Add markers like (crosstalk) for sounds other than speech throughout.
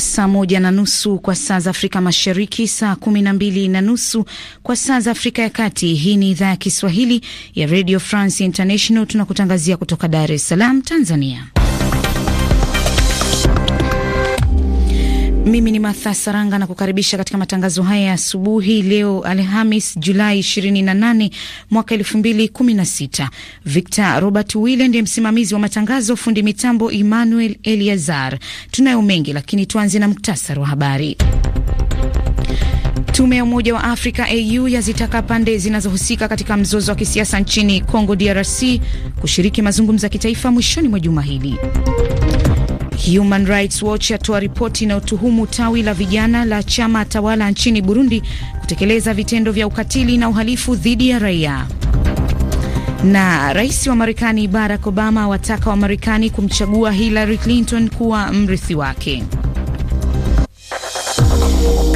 saa moja na nusu kwa saa za Afrika Mashariki, saa kumi na mbili na nusu kwa saa za Afrika ya Kati. Hii ni idhaa ya Kiswahili ya Radio France International, tunakutangazia kutoka Dar es Salaam, Tanzania. Mimi ni Martha Saranga na kukaribisha katika matangazo haya ya asubuhi leo Alhamis Julai 28 mwaka 2016. Victor Robert Wille ndiye msimamizi wa matangazo, fundi mitambo Emmanuel Eliazar. Tunayo mengi lakini tuanze na muktasari wa habari. Tume ya Umoja wa Afrika AU yazitaka pande zinazohusika katika mzozo wa kisiasa nchini Congo DRC kushiriki mazungumzo ya kitaifa mwishoni mwa juma hili. Human Rights Watch yatoa ripoti inayotuhumu tawi la vijana la chama tawala nchini Burundi kutekeleza vitendo vya ukatili na uhalifu dhidi ya raia. Na rais wa Marekani Barack Obama awataka marekani kumchagua Hillary Clinton kuwa mrithi wake.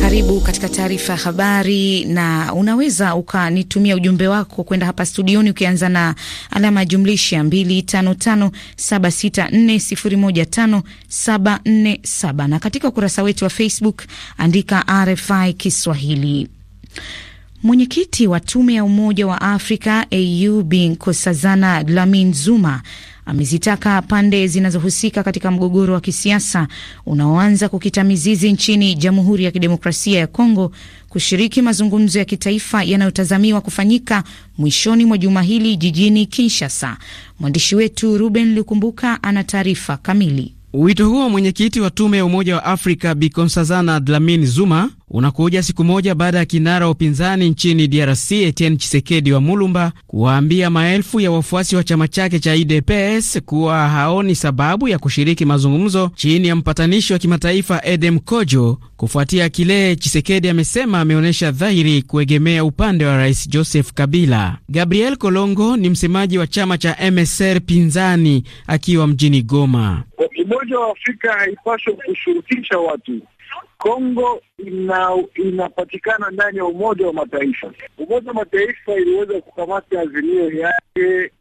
Karibu katika taarifa ya habari, na unaweza ukanitumia ujumbe wako kwenda hapa studioni ukianza na alama ya jumlisha 255764015747 na katika ukurasa wetu wa Facebook andika RFI Kiswahili. Mwenyekiti wa tume ya Umoja wa Afrika AU Bi Nkosazana Dlamini Zuma amezitaka pande zinazohusika katika mgogoro wa kisiasa unaoanza kukita mizizi nchini Jamhuri ya Kidemokrasia ya Kongo kushiriki mazungumzo ya kitaifa yanayotazamiwa kufanyika mwishoni mwa juma hili jijini Kinshasa. Mwandishi wetu Ruben Lukumbuka ana taarifa kamili. Wito huo mwenyekiti wa tume ya Umoja wa Afrika Bikonsazana Dlamini Zuma unakuja siku moja baada ya kinara wa upinzani nchini DRC Etienne Chisekedi wa Mulumba kuwaambia maelfu ya wafuasi wa chama chake cha UDPS kuwa haoni sababu ya kushiriki mazungumzo chini ya mpatanishi wa kimataifa Edem Kojo kufuatia kile chisekedi amesema ameonyesha dhahiri kuegemea upande wa Rais Joseph Kabila. Gabriel Kolongo ni msemaji wa chama cha MSR pinzani akiwa mjini Goma. Umoja wa Afrika haipaswi kushurutisha watu Kongo ina, inapatikana ndani ya Umoja wa Mataifa. Umoja wa Mataifa iliweza kukamata azimio yake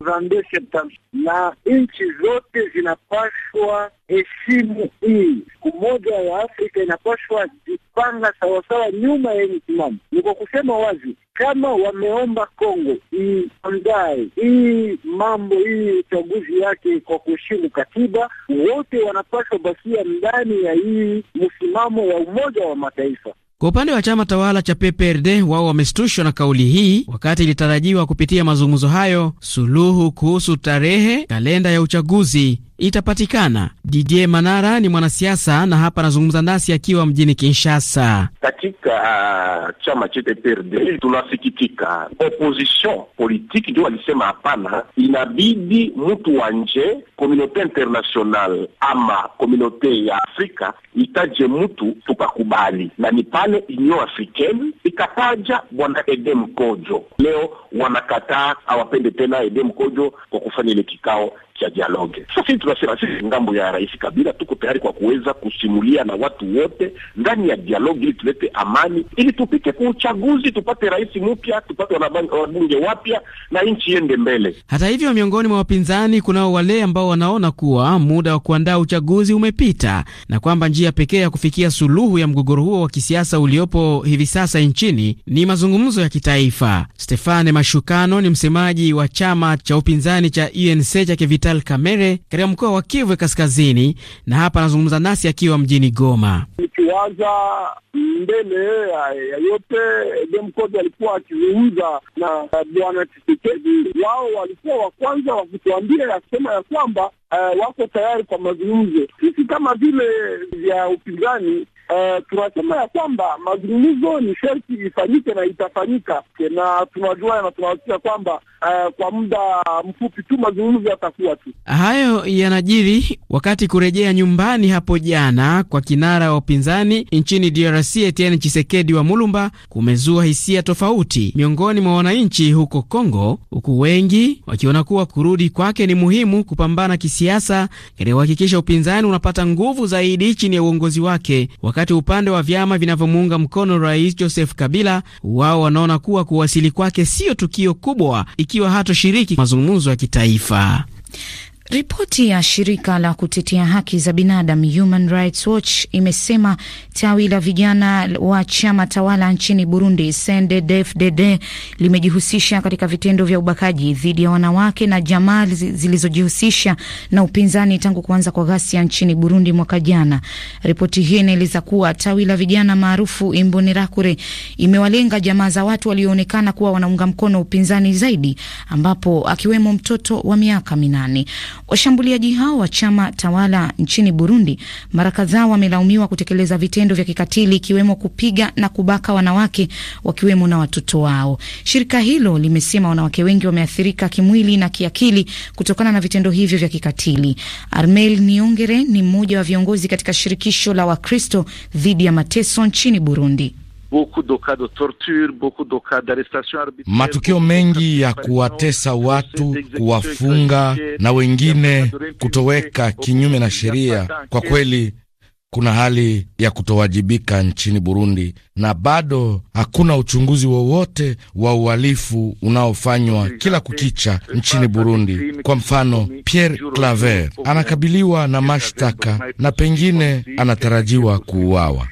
na nchi zote zinapashwa heshimu hii. Umoja wa Afrika inapashwa jipanga sawasawa nyuma ya msimamo. Ni kwa kusema wazi kama wameomba Kongo iandae hii mambo hii uchaguzi yake kwa kuheshimu katiba, wote wanapaswa basia ndani ya hii msimamo wa Umoja wa Mataifa. Kwa upande wa chama tawala cha PPRD, wao wameshtushwa na kauli hii, wakati ilitarajiwa kupitia mazungumzo hayo suluhu kuhusu tarehe, kalenda ya uchaguzi itapatikana. didier Manara ni mwanasiasa na hapa anazungumza nasi akiwa mjini Kinshasa. Katika uh, chama cha tunasikitika, opposition politique ndio walisema hapana, inabidi mtu wa nje, komunote international ama komunote ya Afrika itaje mtu tukakubali, na ni pale Union Africaine ikataja bwana Edem Kojo. Leo wanakataa, hawapende tena Edem Kojo kwa kufanya ile kikao cha dialogue. Sasa sisi tunasema sisi ngambo ya Rais Kabila tuko tayari kwa kuweza kusimulia na watu wote ndani ya dialogue, ili tulete amani, ili tupite kwa uchaguzi, tupate rais mpya, tupate wabunge wapya na nchi iende mbele. Hata hivyo, miongoni mwa wapinzani kunao wale ambao wanaona kuwa muda wa kuandaa uchaguzi umepita na kwamba njia pekee ya kufikia suluhu ya mgogoro huo wa kisiasa uliopo hivi sasa nchini ni mazungumzo ya kitaifa. Stefane Mashukano ni msemaji wa chama cha upinzani cha UNC cha kivita Vital Kamere katika mkoa wa Kivu Kaskazini, na hapa anazungumza nasi akiwa mjini Goma. Nikiwaza mbele ya yote, alikuwa akizungumza na bwana Tshisekedi, wao walikuwa wa kwanza wa kutuambia kusema ya kwamba uh, wako tayari kwa mazungumzo. Sisi kama vile vya upinzani Uh, tunasema ya kwamba mazungumzo ni sherti ifanyike na itafanyika, na tunajua na tunahakika kwamba uh, kwa muda mfupi tu mazungumzo yatakuwa tu. Hayo yanajiri wakati kurejea nyumbani hapo jana kwa kinara wa upinzani nchini DRC Etienne Chisekedi wa Mulumba kumezua hisia tofauti miongoni mwa wananchi huko Kongo, huku wengi wakiona kuwa kurudi kwake ni muhimu kupambana kisiasa ili kuhakikisha upinzani unapata nguvu zaidi chini ya uongozi wake wakati upande wa vyama vinavyomuunga mkono Rais Joseph Kabila, wao wanaona kuwa kuwasili kwake siyo tukio kubwa ikiwa hatoshiriki mazungumzo ya kitaifa. Ripoti ya shirika la kutetea haki za binadamu Human Rights Watch imesema tawi la vijana wa chama tawala nchini Burundi CNDD-FDD limejihusisha katika vitendo vya ubakaji dhidi ya wanawake na jamaa zilizojihusisha na upinzani tangu kuanza kwa ghasia nchini Burundi mwaka jana. Ripoti hii inaeleza kuwa tawi la vijana maarufu Imbonerakure imewalenga jamaa za watu walioonekana kuwa wanaunga mkono upinzani zaidi, ambapo akiwemo mtoto wa miaka minane. Washambuliaji hao wa chama tawala nchini Burundi mara kadhaa wamelaumiwa kutekeleza vitendo vya kikatili ikiwemo kupiga na kubaka wanawake wakiwemo na watoto wao. Shirika hilo limesema wanawake wengi wameathirika kimwili na kiakili kutokana na vitendo hivyo vya kikatili. Armel Niongere ni mmoja wa viongozi katika shirikisho la Wakristo dhidi ya mateso nchini Burundi. Matukio mengi ya kuwatesa watu, kuwafunga na wengine kutoweka kinyume na sheria, kwa kweli kuna hali ya kutowajibika nchini Burundi na bado hakuna uchunguzi wowote wa uhalifu unaofanywa kila kukicha nchini Burundi. Kwa mfano, Pierre Claver anakabiliwa na mashtaka na pengine anatarajiwa kuuawa.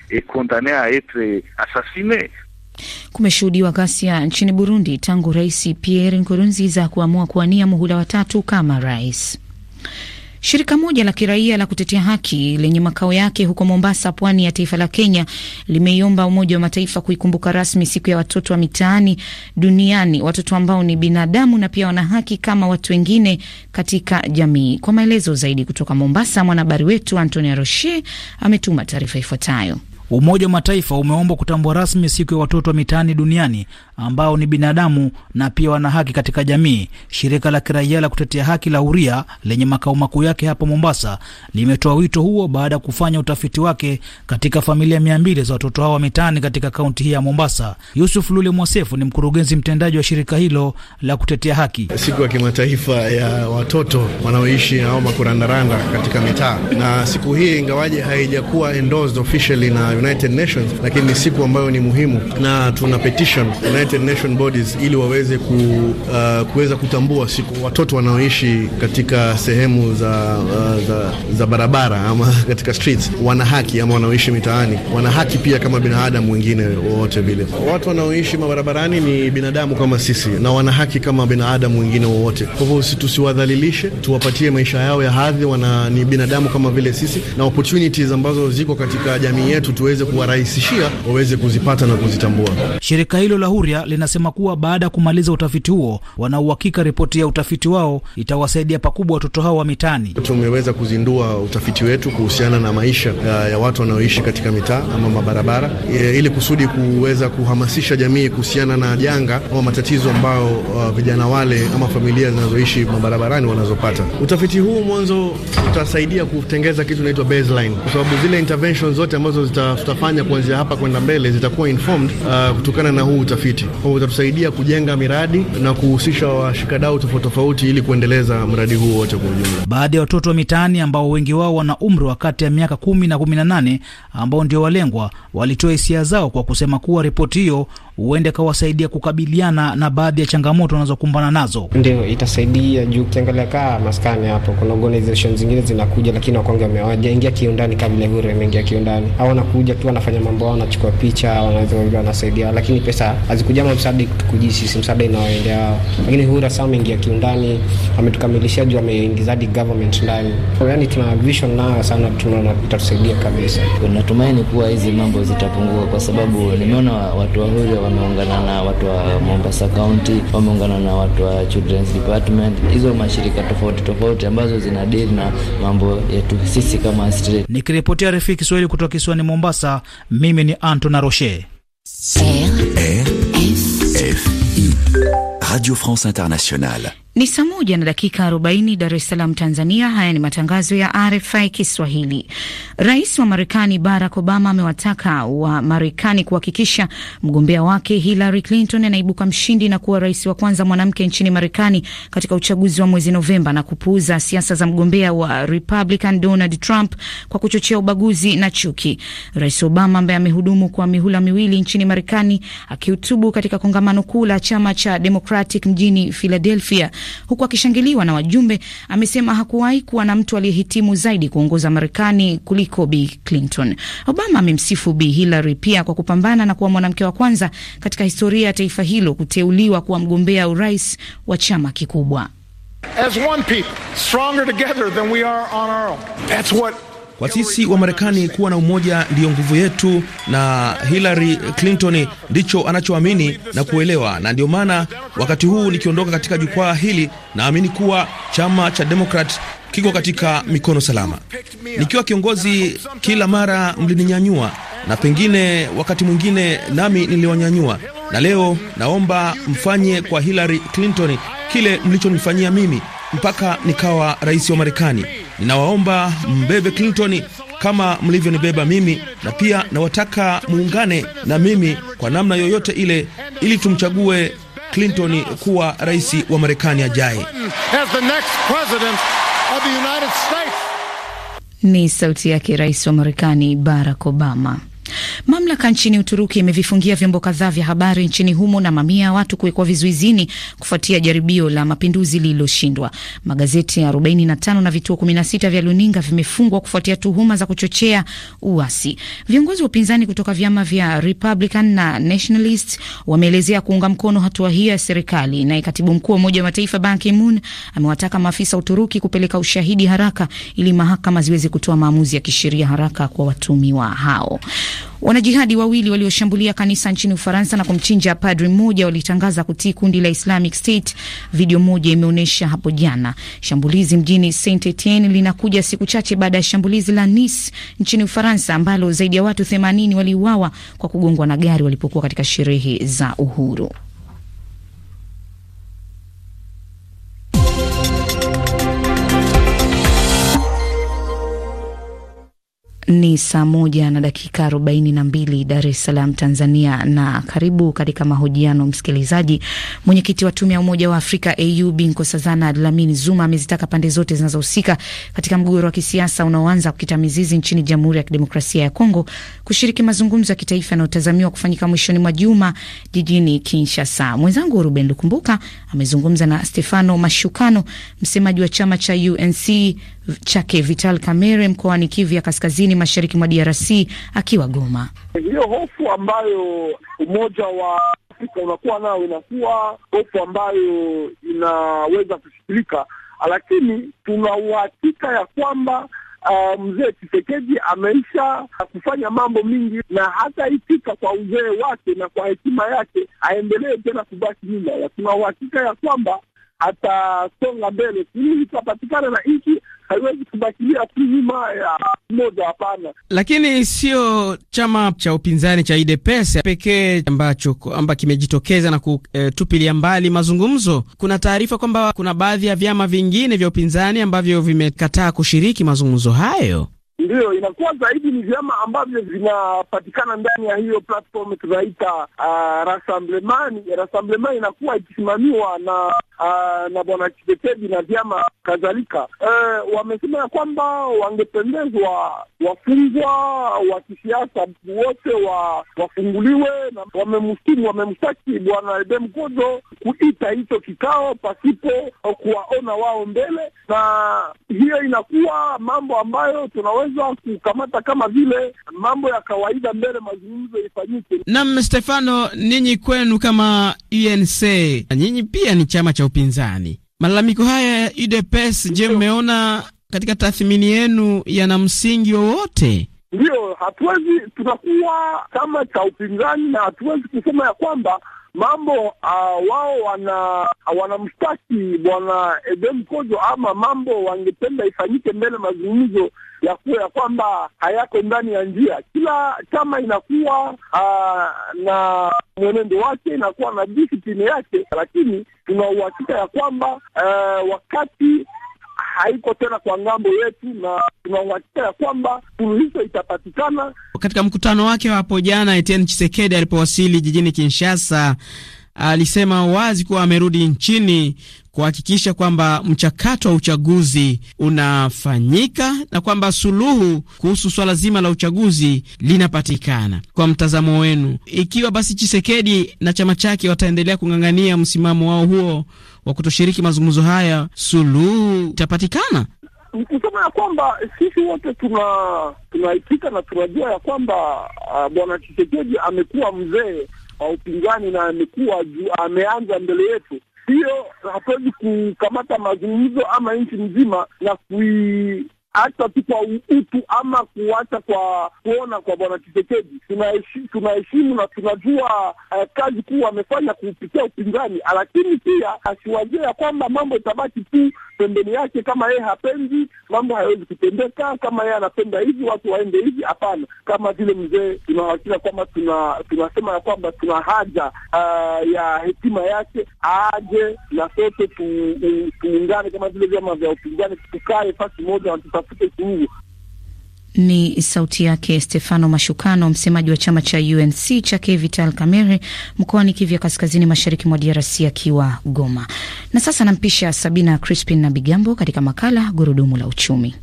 Kumeshuhudiwa ghasia nchini Burundi tangu Rais Pierre Nkurunziza kuamua kuwania muhula watatu kama rais. Shirika moja la kiraia la kutetea haki lenye makao yake huko Mombasa, pwani ya taifa la Kenya, limeiomba Umoja wa Mataifa kuikumbuka rasmi siku ya watoto wa mitaani duniani, watoto ambao ni binadamu na pia wana haki kama watu wengine katika jamii. Kwa maelezo zaidi kutoka Mombasa, mwanahabari wetu Antonia Roche ametuma taarifa ifuatayo. Umoja wa Mataifa umeomba kutambua rasmi siku ya watoto wa mitaani duniani ambao ni binadamu na pia wana haki katika jamii. Shirika la kiraia la kutetea haki la Huria lenye makao makuu yake hapa Mombasa limetoa wito huo baada ya kufanya utafiti wake katika familia mia mbili za watoto hao wa mitaani katika kaunti hii ya Mombasa. Yusuf Lule Mwasefu ni mkurugenzi mtendaji wa shirika hilo la kutetea haki. Siku ya kimataifa ya watoto wanaoishi au makurandaranda katika mitaa, na siku hii ingawaje haijakuwa endorsed officially na United Nations, lakini ni siku ambayo ni muhimu, na tuna petition United Nation bodies ili waweze ku, uh, kuweza kutambua siku watoto wanaoishi katika sehemu za, uh, za, za barabara ama (laughs) katika streets wana haki ama wanaoishi mitaani wana haki pia kama binadamu wengine wowote vile. Watu wanaoishi mabarabarani ni binadamu kama sisi na wana haki kama binadamu wengine wowote. Kwa hivyo tusiwadhalilishe, tuwapatie maisha yao ya hadhi. Wana ni binadamu kama vile sisi na opportunities ambazo ziko katika jamii yetu tu tuweze kuwarahisishia waweze kuzipata na kuzitambua. Shirika hilo la Huria linasema kuwa baada ya kumaliza utafiti huo, wanauhakika ripoti ya utafiti wao itawasaidia pakubwa watoto hao wa mitaani. Tumeweza kuzindua utafiti wetu kuhusiana na maisha ya watu wanaoishi katika mitaa ama mabarabara, e, ili kusudi kuweza kuhamasisha jamii kuhusiana na janga ama matatizo ambayo uh, vijana wale ama familia zinazoishi mabarabarani wanazopata. Utafiti huu mwanzo utasaidia kutengeza kitu inaitwa baseline, kwa sababu zile intervention zote ambazo zita tutafanya kuanzia hapa kwenda mbele zitakuwa informed uh, kutokana na huu utafiti. Kwa hiyo utatusaidia kujenga miradi na kuhusisha washikadau tofauti tofauti ili kuendeleza mradi huu wote kwa ujumla. Baadhi ya watoto wa mitaani ambao wengi wao wana umri wa kati ya miaka kumi na kumi na nane ambao ndio walengwa walitoa hisia zao kwa kusema kuwa ripoti hiyo huenda ikawasaidia kukabiliana na baadhi ya changamoto wanazokumbana nazo. Ndio itasaidia juu ukiangalia kaa maskani hapo, kuna organization zingine zinakuja, lakini wakonge wamewajaingia kiundani kabla vile wameingia kiundani, au wanakuja tu wanafanya mambo yao, wanachukua picha, wanaweza wanasaidia, lakini pesa hazikujama msaada kutukuji sisi, msaada inawaendea wao, lakini hura saa ameingia kiundani, ametukamilishia juu ameingiza hadi government ndani, yani tuna vision nayo sana, tunaona itatusaidia kabisa. Natumaini kuwa hizi mambo zitapungua, kwa sababu nimeona watu wahuri wameungana na watu wa Mombasa County, wameungana na watu wa Children's Department, hizo mashirika tofauti tofauti ambazo zina deal na mambo yetu sisi kama street. Nikiripotia RFI Kiswahili kutoka kisiwani Mombasa, mimi ni Anton Roche. Radio France Internationale. Ni saa moja na dakika arobaini Dar es Salaam, Tanzania. Haya ni matangazo ya RFI Kiswahili. Rais wa Marekani Barack Obama amewataka wa Marekani kuhakikisha mgombea wake Hillary Clinton anaibuka mshindi na kuwa rais wa kwanza mwanamke nchini Marekani katika uchaguzi wa mwezi Novemba, na kupuuza siasa za mgombea wa Republican Donald Trump kwa kuchochea ubaguzi na chuki. Rais Obama ambaye amehudumu kwa mihula miwili nchini Marekani, akihutubu katika kongamano kuu la chama cha Democratic mjini Philadelphia huku akishangiliwa na wajumbe, amesema hakuwahi kuwa na mtu aliyehitimu zaidi kuongoza Marekani kuliko Bi Clinton. Obama amemsifu Bi Hillary pia kwa kupambana na kuwa mwanamke wa kwanza katika historia ya taifa hilo kuteuliwa kuwa mgombea urais wa chama kikubwa. As one people, stronger together than we are on our own. That's what kwa sisi wa Marekani, kuwa na umoja ndiyo nguvu yetu, na Hillary Clinton ndicho anachoamini na kuelewa, na ndiyo maana wakati huu nikiondoka katika jukwaa hili, naamini kuwa chama cha Demokrat kiko katika mikono salama. Nikiwa kiongozi, kila mara mlininyanyua, na pengine wakati mwingine nami niliwanyanyua, na leo naomba mfanye kwa Hillary Clinton kile mlichonifanyia mimi mpaka nikawa rais wa Marekani. Ninawaomba mbebe Clinton kama mlivyonibeba mimi, na pia nawataka muungane na mimi kwa namna yoyote ile, ili tumchague Clinton kuwa rais wa Marekani ajaye. Ni sauti yake Rais wa Marekani Barack Obama. Mamlaka nchini Uturuki imevifungia vyombo kadhaa vya habari nchini humo na mamia ya watu kuwekwa vizuizini kufuatia jaribio la mapinduzi lililoshindwa. Magazeti 45 na vituo 16 vya luninga vimefungwa kufuatia tuhuma za kuchochea uasi. Viongozi wa upinzani kutoka vyama vya Republican na Nationalist wameelezea kuunga mkono hatua hiyo ya serikali. Naye katibu mkuu wa Umoja wa Mataifa Ban Ki-moon amewataka maafisa Uturuki kupeleka ushahidi haraka ili mahakama ziweze kutoa maamuzi ya kisheria haraka kwa watumiwa hao. Wanajihadi wawili walioshambulia kanisa nchini Ufaransa na kumchinja padri mmoja walitangaza kutii kundi la Islamic State, video moja imeonyesha hapo jana. Shambulizi mjini Saint Etienne linakuja siku chache baada ya shambulizi la Nice nchini Ufaransa ambalo zaidi ya watu 80 waliuawa kwa kugongwa na gari walipokuwa katika sherehe za uhuru. Ni saa moja na dakika arobaini na mbili Dar es Salaam, Tanzania. Na karibu katika mahojiano msikilizaji. Mwenyekiti wa tume ya Umoja wa Afrika AU Bi Nkosazana Dlamini Zuma amezitaka pande zote zinazohusika katika mgogoro wa kisiasa unaoanza kukita mizizi nchini Jamhuri ya Kidemokrasia ya Kongo kushiriki mazungumzo ya kitaifa yanayotazamiwa kufanyika mwishoni mwa juma jijini Kinshasa. Mwenzangu Ruben Lukumbuka amezungumza na Stefano Mashukano, msemaji wa chama cha UNC chake Vital Kamerhe mkoani Kivu ya Kaskazini kaskazini mashariki mwa DRC akiwa Goma. Hiyo hofu ambayo umoja wa Afrika unakuwa nayo inakuwa hofu ambayo inaweza kushikilika, lakini tuna uhakika ya kwamba Uh, mzee Tshisekedi ameisha kufanya mambo mingi na hata ifika kwa uzee wake na kwa hekima yake aendelee tena kubaki nyuma. Tuna uhakika ya kwamba atasonga mbele. Suluhu itapatikana na nchi haiwezi kubakilia tu nyuma ya mmoja, hapana. Lakini sio chama cha upinzani cha UDPS pekee ambacho kwamba kimejitokeza na kutupilia e, mbali mazungumzo. Kuna taarifa kwamba kuna baadhi ya vyama vingine vya upinzani ambavyo vimekataa kushiriki mazungumzo hayo. Ndiyo, inakuwa zaidi ni vyama ambavyo vinapatikana ndani ya hiyo platform tunaita uh, rassemblement. Rassemblement inakuwa ikisimamiwa na Ah, na bwana Chisekedi na vyama kadhalika e, wamesema ya kwamba wangependezwa wafungwa wa kisiasa wote wa wafunguliwe, na wamemshtumu wamemshtaki bwana Edem Kojo kuita hicho kikao pasipo kuwaona wao mbele, na hiyo inakuwa mambo ambayo tunaweza kukamata kama vile mambo ya kawaida mbele mazungumzo ifanyike. Nam Stefano, ninyi kwenu kama UNC e nyinyi pia ni chama cha upinzani. Malalamiko haya ya UDPS, je, mmeona katika tathmini yenu yana msingi wowote? Ndiyo, hatuwezi tunakuwa chama cha upinzani na hatuwezi kusema ya kwamba mambo uh, wao wana wanamshtaki bwana Edem Kojo ama mambo wangependa ifanyike mbele mazungumzo ya, ya kwamba hayako ndani ya njia. Kila chama inakuwa uh, na mwenendo wake, inakuwa na discipline yake, lakini tuna uhakika ya kwamba uh, wakati haiko tena kwa ngambo yetu na tunauhakika ya kwamba suluhisho itapatikana. Katika mkutano wake wa hapo jana, Etienne chisekedi alipowasili jijini Kinshasa alisema wazi kuwa amerudi nchini kuhakikisha kwamba mchakato wa uchaguzi unafanyika na kwamba suluhu kuhusu swala zima la uchaguzi linapatikana. Kwa mtazamo wenu, ikiwa basi Chisekedi na chama chake wataendelea kung'ang'ania msimamo wao huo wa kutoshiriki mazungumzo haya, suluhu itapatikana? Kusema ya kwamba sisi wote tunaitika tuna na tunajua ya kwamba uh, bwana Chisekedi amekuwa mzee wa upinzani na amekuwa ameanza mbele yetu, hiyo hatuwezi kukamata mazungumzo ama nchi nzima na kui hata tu kwa utu ama kuacha kwa kuona kwa bwana Tshisekedi, tunaheshimu na tunajua uh, kazi kuu amefanya kupitia upinzani, lakini pia asiwazie ya kwamba mambo itabaki tu pembeni yake. Kama yeye hapendi, mambo hayawezi kutendeka. Kama yeye anapenda hivi, watu waende hivi, hapana. Kama vile mzee, tunawakila kwamba tuna tunasema ya kwamba tuna haja uh, ya hekima yake aje, na sote tuungane, kama vile vyama vya upinzani, tukae fasi moja na tutafute suluhu. Ni sauti yake Stefano Mashukano, msemaji wa chama cha UNC chake Vital Kamerhe mkoani Kivya kaskazini mashariki mwa DRC akiwa Goma. Na sasa nampisha Sabina Crispin na Bigambo katika makala Gurudumu la Uchumi.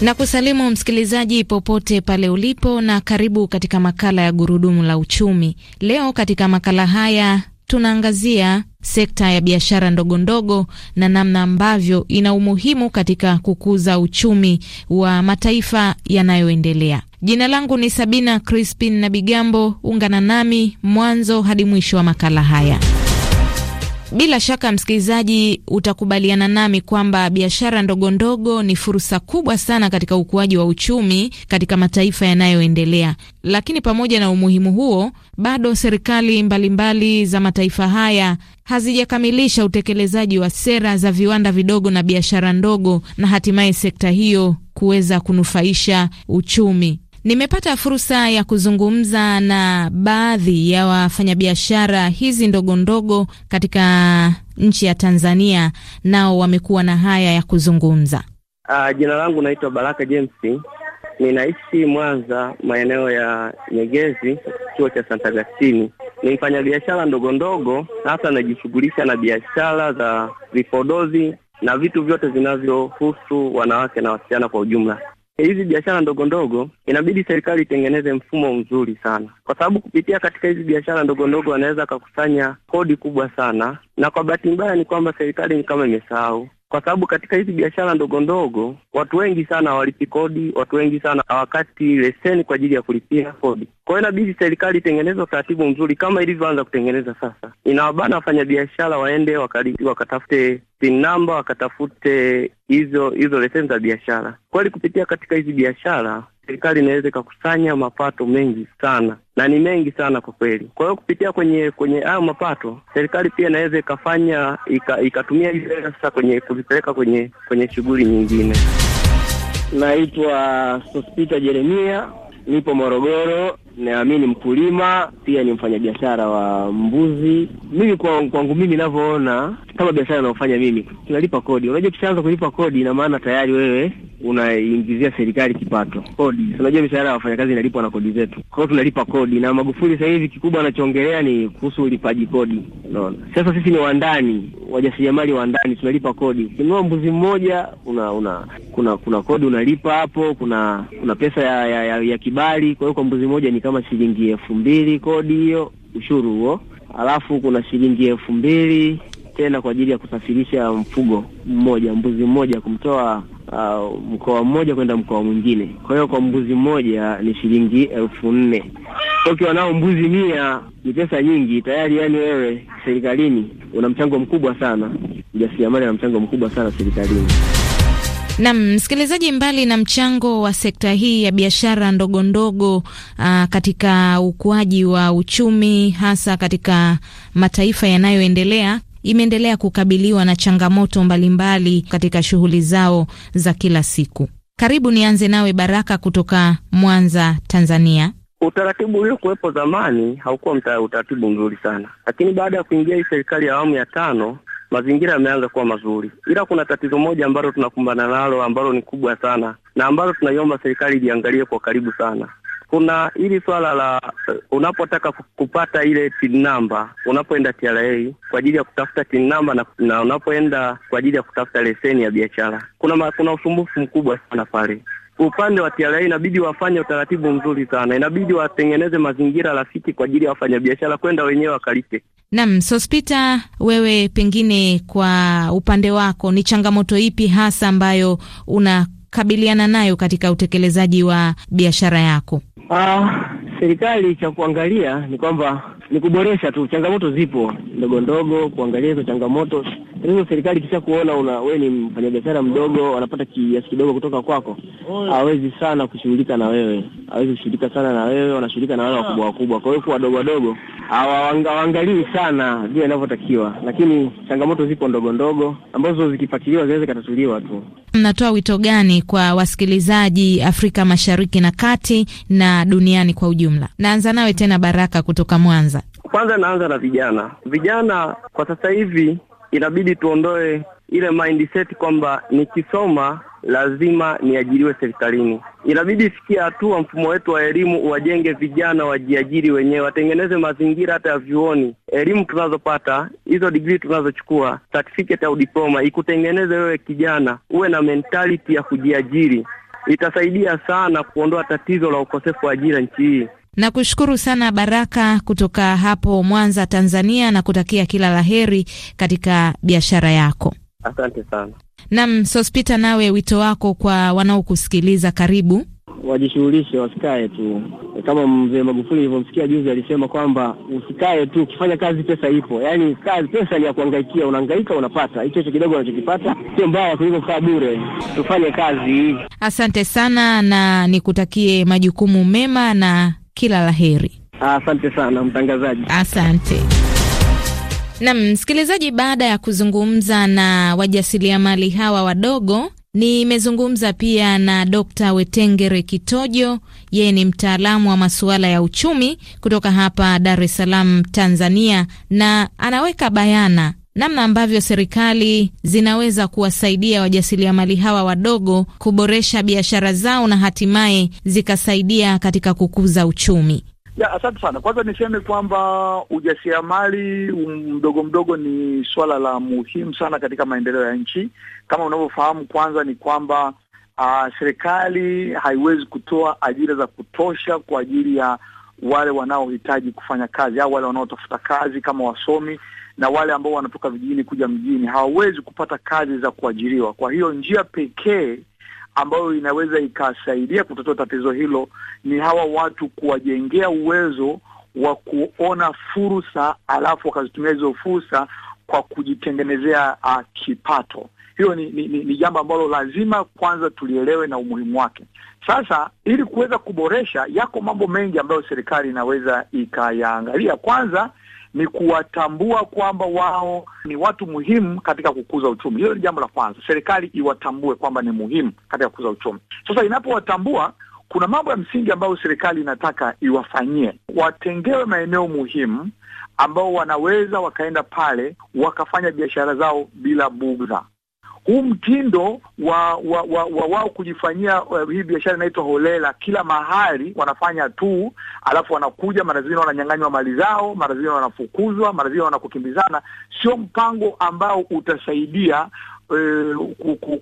na kusalimu msikilizaji popote pale ulipo, na karibu katika makala ya gurudumu la uchumi. Leo katika makala haya tunaangazia sekta ya biashara ndogondogo na namna ambavyo ina umuhimu katika kukuza uchumi wa mataifa yanayoendelea. Jina langu ni Sabina Crispin na Bigambo. Ungana nami mwanzo hadi mwisho wa makala haya. Bila shaka msikilizaji, utakubaliana nami kwamba biashara ndogo ndogo ni fursa kubwa sana katika ukuaji wa uchumi katika mataifa yanayoendelea. Lakini pamoja na umuhimu huo, bado serikali mbalimbali za mataifa haya hazijakamilisha utekelezaji wa sera za viwanda vidogo na biashara ndogo, na hatimaye sekta hiyo kuweza kunufaisha uchumi. Nimepata fursa ya kuzungumza na baadhi ya wafanyabiashara hizi ndogo ndogo katika nchi ya Tanzania, nao wamekuwa na haya ya kuzungumza. Uh, jina langu naitwa Baraka James, ninaishi Mwanza, maeneo ya Nyegezi, chuo cha Santa Agustini. Ni mfanyabiashara ndogo ndogo, hasa najishughulisha na biashara za vipodozi na vitu vyote vinavyohusu wanawake na wasichana kwa ujumla. Eh, hizi biashara ndogo ndogo inabidi serikali itengeneze mfumo mzuri sana, kwa sababu kupitia katika hizi biashara ndogo ndogo wanaweza akakusanya kodi kubwa sana, na kwa bahati mbaya ni kwamba serikali ni kama imesahau kwa sababu katika hizi biashara ndogo ndogo watu wengi sana hawalipi kodi, watu wengi sana hawakati leseni kwa ajili ya kulipia kodi. Kwa hiyo inabidi serikali itengeneze utaratibu mzuri kama ilivyoanza kutengeneza sasa. Inawabana wafanyabiashara waende wakatafute PIN namba, wakatafute hizo hizo leseni za biashara. Kweli kupitia katika hizi biashara serikali inaweza ikakusanya mapato mengi sana na ni mengi sana kwa kweli. Kwa hiyo kupitia kwenye kwenye hayo mapato, serikali pia inaweza ikafanya ikatumia hizo hela sasa kwenye kuvipeleka kwenye kwenye shughuli nyingine. Naitwa Sospita Jeremia, nipo Morogoro na mimi ni mkulima pia, ni mfanyabiashara wa mbuzi. Mimi kwa kwangu mimi ninavyoona, kama biashara inayofanya mimi, tunalipa kodi. Unajua, kishaanza kulipa kodi, ina maana tayari wewe unaingizia serikali kipato kodi. Unajua, mishahara ya wafanyakazi inalipwa na kodi zetu, kwa hiyo tunalipa kodi. Na Magufuli sasa hivi kikubwa anachoongelea ni kuhusu ulipaji kodi, unaona. Sasa sisi ni wandani, wajasiriamali wa ndani, tunalipa kodi. Ukinunua mbuzi mmoja una, una kuna kuna kodi unalipa hapo, kuna kuna pesa ya, ya, ya, ya kibali. Kwa hiyo kwa mbuzi mmoja ni kama shilingi elfu mbili kodi hiyo, ushuru huo, alafu kuna shilingi elfu mbili tena kwa ajili ya kusafirisha mfugo mmoja, mbuzi mmoja, kumtoa uh, mkoa mmoja kwenda mkoa mwingine. Kwa hiyo kwa mbuzi mmoja ni shilingi elfu nne. Ukiwa nao mbuzi mia ni pesa nyingi tayari, yani wewe serikalini una mchango mkubwa sana. Mjasiriamali ana mchango mkubwa sana serikalini. Nam msikilizaji, mbali na mchango wa sekta hii ya biashara ndogo ndogo ah, katika ukuaji wa uchumi hasa katika mataifa yanayoendelea imeendelea kukabiliwa na changamoto mbalimbali katika shughuli zao za kila siku. Karibu nianze nawe Baraka kutoka Mwanza, Tanzania. Utaratibu uliokuwepo zamani haukuwa utaratibu mzuri sana, lakini baada ya kuingia hii serikali ya awamu ya tano mazingira yameanza kuwa mazuri, ila kuna tatizo moja ambalo tunakumbana nalo ambalo ni kubwa sana na ambalo tunaiomba serikali iliangalie kwa karibu sana. Kuna hili swala la eh, unapotaka kupata ile tin namba, unapoenda TRA kwa ajili ya kutafuta tin namba na, na unapoenda kwa ajili ya kutafuta leseni ya biashara, kuna ma, kuna usumbufu mkubwa sana pale upande wa TRA inabidi wafanye utaratibu mzuri sana, inabidi watengeneze mazingira rafiki kwa ajili ya wafanyabiashara kwenda wenyewe wakalipe. Nam Sospita, wewe pengine kwa upande wako ni changamoto ipi hasa ambayo unakabiliana nayo katika utekelezaji wa biashara yako? Uh, serikali cha kuangalia ni kwamba ni kuboresha tu, changamoto zipo ndogo ndogo, kuangalia hizo changamoto. Hizo serikali kisha kuona una wewe ni mfanyabiashara mdogo, anapata kiasi kidogo kutoka kwako, hawezi sana kushughulika na wewe, hawezi kushughulika sana na wewe, wanashughulika na wale ah. wakubwa wakubwa. Kwa hiyo kwa wadogo wadogo hawaangalii sana vile inavyotakiwa, lakini changamoto zipo ndogo ndogo ambazo zikifatiliwa zinaweza katatuliwa tu. Mnatoa wito gani kwa wasikilizaji Afrika Mashariki na Kati na duniani kwa ujumla? ujumla. Naanza nawe tena, Baraka kutoka Mwanza. Kwanza naanza na vijana. Vijana kwa sasa hivi inabidi tuondoe ile mindset kwamba nikisoma lazima niajiriwe serikalini. Inabidi ifikie hatua mfumo wetu wa elimu uwajenge vijana wajiajiri wenyewe, watengeneze mazingira hata ya vyuoni. Elimu tunazopata hizo digrii tunazochukua, certificate au diploma, ikutengeneze wewe kijana uwe na mentality ya kujiajiri. Itasaidia sana kuondoa tatizo la ukosefu wa ajira nchi hii. Nakushukuru sana Baraka kutoka hapo Mwanza, Tanzania, na kutakia kila laheri katika biashara yako. Asante sana. Nam Sospita, nawe wito wako kwa wanaokusikiliza? Karibu wajishughulishe, wasikae tu. Kama mzee Magufuli alivyomsikia juzi, alisema kwamba usikae tu, ukifanya kazi pesa ipo. Yaani kazi, pesa ni ya kuangaikia, unaangaika unapata hicho hicho kidogo unachokipata, sio mbaya kuliko kukaa bure. Tufanye kazi. Asante sana na nikutakie majukumu mema na kila la heri. Asante sana mtangazaji. Asante. Nam msikilizaji, baada ya kuzungumza na wajasiriamali hawa wadogo, nimezungumza pia na Dr. Wetengere Kitojo. Yeye ni mtaalamu wa masuala ya uchumi kutoka hapa Dar es Salaam, Tanzania, na anaweka bayana namna ambavyo serikali zinaweza kuwasaidia wajasiriamali hawa wadogo kuboresha biashara zao na hatimaye zikasaidia katika kukuza uchumi. Ya, asante sana. Kwanza niseme kwamba ujasiriamali mdogo mdogo ni suala la muhimu sana katika maendeleo ya nchi. Kama unavyofahamu, kwanza ni kwamba uh, serikali haiwezi kutoa ajira za kutosha kwa ajili ya wale wanaohitaji kufanya kazi au wale wanaotafuta kazi kama wasomi na wale ambao wanatoka vijijini kuja mjini hawawezi kupata kazi za kuajiriwa. Kwa hiyo njia pekee ambayo inaweza ikasaidia kutatua tatizo hilo ni hawa watu kuwajengea uwezo wa kuona fursa, alafu wakazitumia hizo fursa kwa kujitengenezea uh, kipato. Hiyo ni, ni, ni, ni jambo ambalo lazima kwanza tulielewe na umuhimu wake. Sasa ili kuweza kuboresha, yako mambo mengi ambayo serikali inaweza ikayaangalia. Kwanza ni kuwatambua kwamba wao ni watu muhimu katika kukuza uchumi. Hilo ni jambo la kwanza, serikali iwatambue kwamba ni muhimu katika kukuza uchumi. Sasa inapowatambua kuna mambo ya msingi ambayo serikali inataka iwafanyie. Watengewe maeneo muhimu ambao wanaweza wakaenda pale wakafanya biashara zao bila bugdha. Huu mtindo wa wa wao wa, wa kujifanyia uh, hii biashara inaitwa holela, kila mahali wanafanya tu, alafu wanakuja, mara zingine wananyang'anywa mali zao, mara zingine wanafukuzwa, mara zingine wanakukimbizana. Sio mpango ambao utasaidia e,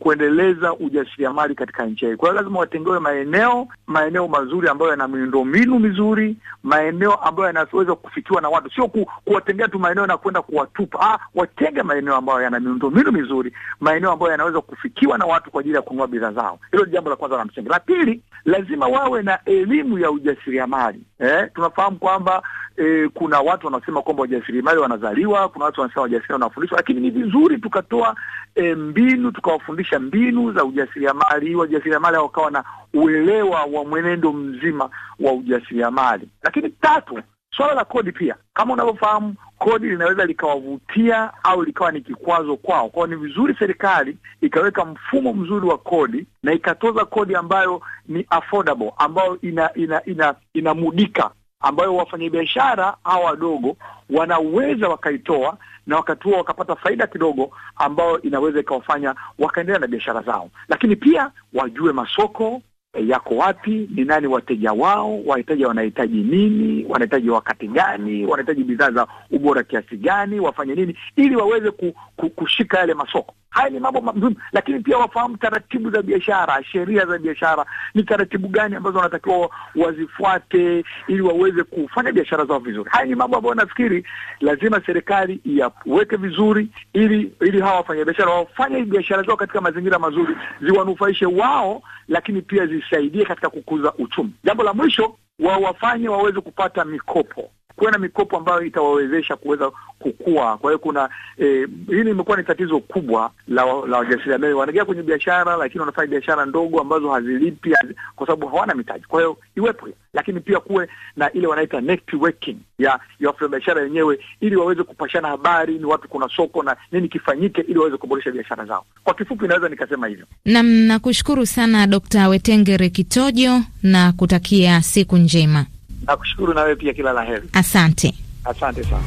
kuendeleza ujasiriamali katika nchi hii. Kwa hiyo lazima watengewe maeneo maeneo mazuri ambayo yana miundombinu mizuri, maeneo ambayo yanaweza kufikiwa na watu, sio ku, kuwatengea tu maeneo na kwenda kuwatupa. Ah, watenge maeneo ambayo yana miundombinu mizuri, maeneo ambayo yanaweza kufikiwa na watu kwa ajili ya kununua bidhaa zao. Hilo ni jambo la kwanza la msingi. La pili, lazima wawe na elimu ya ujasiriamali. Eh, tunafahamu kwamba E, kuna watu wanasema kwamba wajasiriamali wanazaliwa, kuna watu wanasema wajasiriamali wanafundishwa, lakini ni vizuri tukatoa e, mbinu, tukawafundisha mbinu za ujasiriamali, wajasiriamali wakawa na uelewa wa mwenendo mzima wa ujasiriamali. Lakini tatu, swala la kodi pia, kama unavyofahamu, kodi linaweza likawavutia au likawa ni kikwazo kwao. Kwao ni vizuri serikali ikaweka mfumo mzuri wa kodi na ikatoza kodi ambayo ni affordable, ambayo ina, ina, ina, inamudika ambayo wafanyabiashara hawa wadogo wanaweza wakaitoa na wakati huo wakapata faida kidogo, ambayo inaweza ikawafanya wakaendelea na biashara zao, lakini pia wajue masoko eh, yako wapi, ni nani wateja wao, wateja wanahitaji nini, wanahitaji wakati gani, wanahitaji bidhaa za ubora kiasi gani, wafanye nini ili waweze ku, ku, kushika yale masoko. Haya ni mambo muhimu, lakini pia wafahamu taratibu za biashara, sheria za biashara, ni taratibu gani ambazo wanatakiwa wazifuate ili waweze kufanya biashara zao vizuri. Haya ni mambo ambayo nafikiri lazima serikali yaweke vizuri, ili ili hawa wafanyabiashara wafanye biashara zao katika mazingira mazuri, ziwanufaishe wao, lakini pia zisaidie katika kukuza uchumi. Jambo la mwisho, wafanye waweze kupata mikopo kuwe na mikopo ambayo itawawezesha kuweza kukua. Kwa hiyo kuna eh, hili limekuwa ni tatizo kubwa la la wajasiriamali. Wanaingia kwenye biashara, lakini wanafanya biashara ndogo ambazo hazilipi kwa sababu hawana mitaji. Kwa hiyo iwepo, lakini pia kuwe na ile wanaita networking ya ya wafanyabiashara wenyewe, ili waweze kupashana habari, ni wapi kuna soko na nini kifanyike, ili waweze kuboresha biashara zao. Kwa kifupi, naweza nikasema hivyo. Nam, nakushukuru sana Dr. Wetengere Kitojo na kutakia siku njema. Nakushukuru na wewe pia, kila la heri. Asante, asante sana.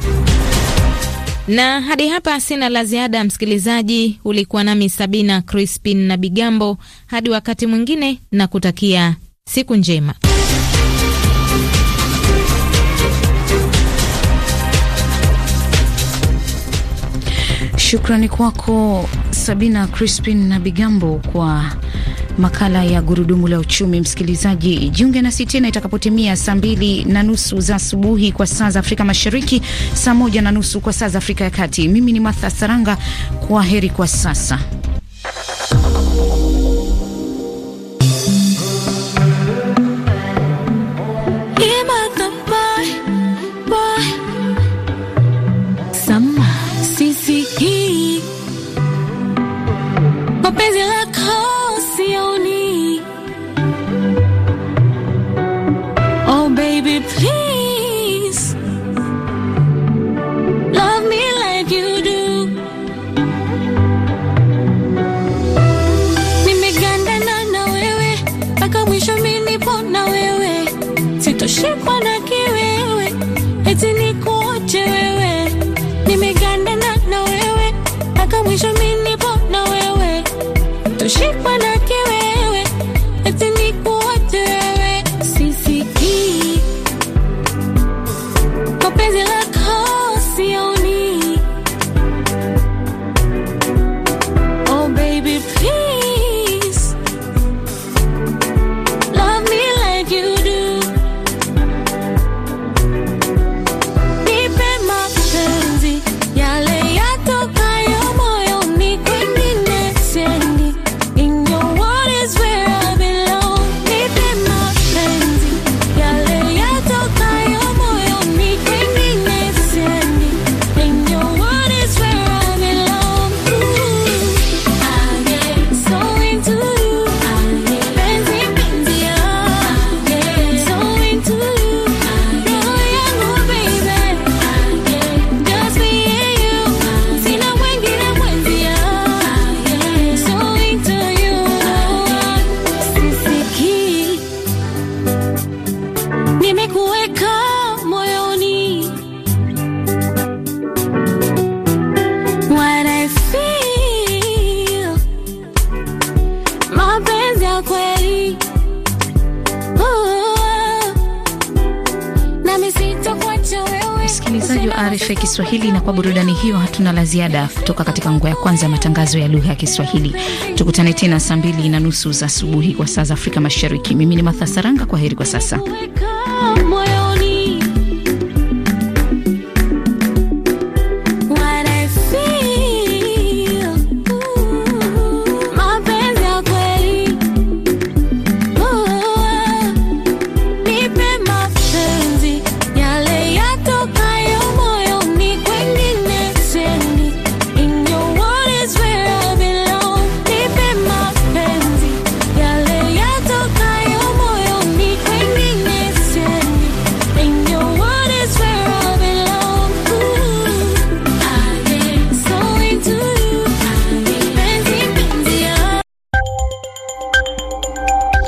Na hadi hapa sina la ziada, msikilizaji. Ulikuwa nami Sabina Crispin na Bigambo. Hadi wakati mwingine, na kutakia siku njema. Shukrani kwako Sabina Crispin na Bigambo kwa makala ya gurudumu la uchumi. Msikilizaji, jiunge nasi tena itakapotimia saa mbili na nusu za asubuhi kwa saa za Afrika Mashariki, saa moja na nusu kwa saa za Afrika ya Kati. Mimi ni Martha Saranga, kwa heri kwa sasa. So shake Msikilizaji wa RFI Kiswahili, na kwa burudani hiyo hatuna la ziada kutoka katika nguo ya kwanza ya matangazo ya lugha ya Kiswahili. Tukutane tena saa mbili na nusu za asubuhi kwa saa za Afrika Mashariki. Mimi ni Matha Saranga, kwa heri kwa sasa.